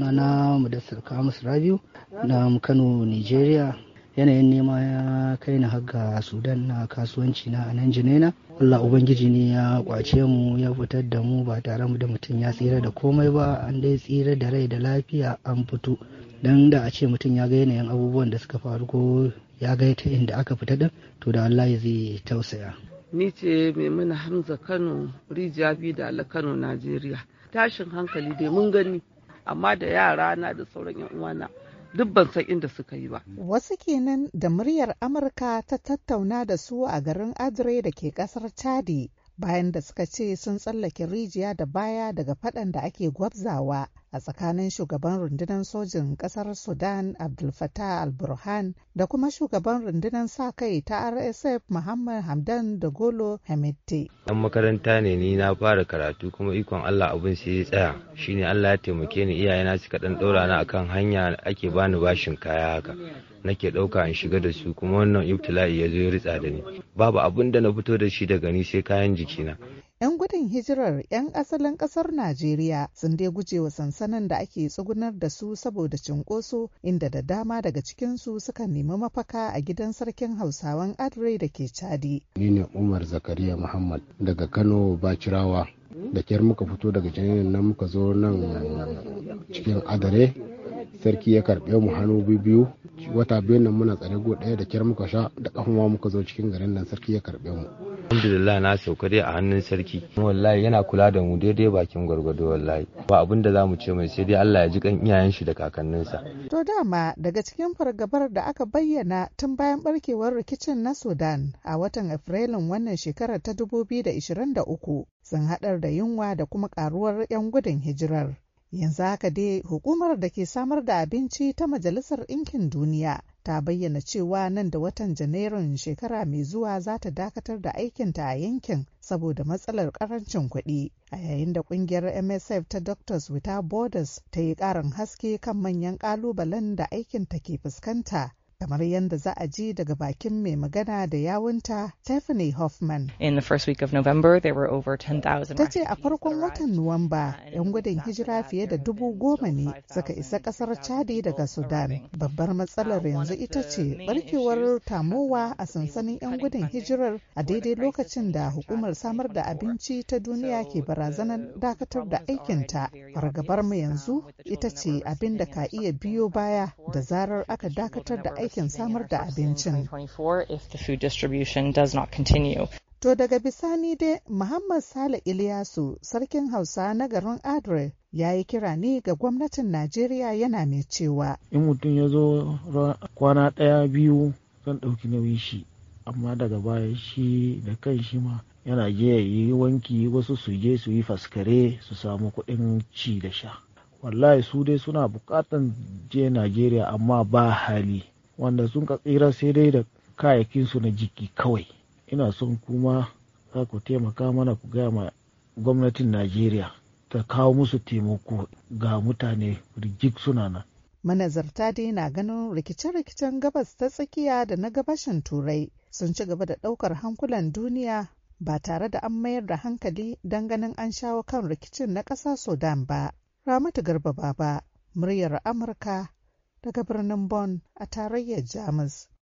sunana mudassir kamus rabiu na kano nigeria yanayin nema ya kai ni haka sudan na kasuwanci na a nan jinaina allah ubangiji ne ya kwace mu ya fitar da mu ba tare da mutum ya tsira da komai ba an dai tsira da rai da lafiya an fito don da a ce mutum ya ga yanayin abubuwan da suka faru ko ya ga ta inda aka fita din to da allah ya zai tausaya ni ce maimuna hamza kano rijiya biyu da kano najeriya tashin hankali dai mun gani amma da yara na da sauran yan uwana duk ban san inda suka yi ba. Wasu kenan da muryar Amurka ta tattauna da su a garin Adre da ke kasar Chadi bayan da suka ce sun tsallake rijiya da baya daga faɗan da ake gwabzawa a tsakanin shugaban rundunar sojin ƙasar Sudan Abdul Fattah al-Burhan da kuma shugaban rundunar sa-kai ta RSF Muhammad Hamdan da Golo Hamidti. dan makaranta ne ni na fara karatu kuma ikon Allah abin sai ya tsaya shine Allah ya taimake ni iyaye na suka ɗan ɗora na akan hanya ake bani bashin kaya haka. nake ɗauka in shiga da su kuma wannan ibtila'i ya zo ya ritsa da ni babu abin da na fito da shi daga ni sai kayan jikina gudun hijirar 'yan asalin kasar Najeriya sun dai gujewa sansanin da ake tsugunar da su saboda cinkoso inda da dama daga cikinsu suka nemi mafaka a gidan sarkin Hausawan Adre da ke Chadi. Ni ne Umar Zakariya Muhammad daga Kano Bacirawa. Da kyar muka fito daga janayin nan muka zo nan cikin adare sarki ya karbe mu hannu biyu wata biyu nan muna tsare go ɗaya da kyar muka sha da kafin ma muka zo cikin garin nan sarki ya karɓe mu alhamdulillah na sauka dai a hannun sarki wallahi yana kula da mu daidai bakin gwargwado wallahi ba abin da za mu ce mai sai dai Allah ya ji kan iyayen shi da kakanninsa to dama daga cikin fargabar da aka bayyana tun bayan barkewar rikicin na Sudan a watan Afrilun wannan shekarar ta 2023 sun haɗar da yunwa da kuma ƙaruwar 'yan gudun hijirar Yanzu haka dai hukumar da ke samar da abinci ta Majalisar Ɗinkin Duniya ta bayyana cewa nan da watan Janairun shekara mai zuwa za ta dakatar da aikinta a yankin saboda matsalar karancin kuɗi a yayin da ƙungiyar MSF ta Doctors Without Borders ta yi ƙarin haske kan manyan ƙalubalen da aikinta ke fuskanta kamar yadda za a ji daga bakin mai magana da yawunta Tiffany Hoffman. In the first week of November, there were over 10,000. Ta ce a farkon watan Nuwamba, 'yan gudun hijira fiye da dubu goma ne suka isa kasar Chadi daga Sudan. Babbar matsalar yanzu ita ce barkewar tamowa a sansanin 'yan gudun hijirar a daidai lokacin da hukumar samar da abinci ta duniya ke barazanar dakatar da aikinta. Fargabar mu yanzu ita ce abin da ka iya biyo baya da zarar aka dakatar da aikin aikin samar da abincin. To daga bisani dai Muhammad Sale Iliyasu sarkin Hausa na garin Adre ya yi kira ne ga gwamnatin Najeriya yana mai cewa. In mutum ya zo kwana ɗaya biyu zan ɗauki nauyin shi, amma daga baya shi da kan shi ma yana je ya yi wanki wasu su je su yi faskare su samu kuɗin ci da sha. Wallahi su dai suna buƙatan je Najeriya amma ba hali. wanda sun ka sai dai da kayakinsu na jiki kawai ina son kuma za ku taimaka mana ku gaya ma gwamnatin najeriya ta kawo musu taimako ga mutane rigik suna nan manazarta dai na ganin rikice-rikicen gabas ta tsakiya da na gabashin turai sun ci gaba da ɗaukar hankulan duniya ba tare da an mayar da hankali don ganin an shawo kan rikicin na ƙasa sudan ba ramatu garba baba muryar amurka daga birnin Bonn a tarayyar Jamus.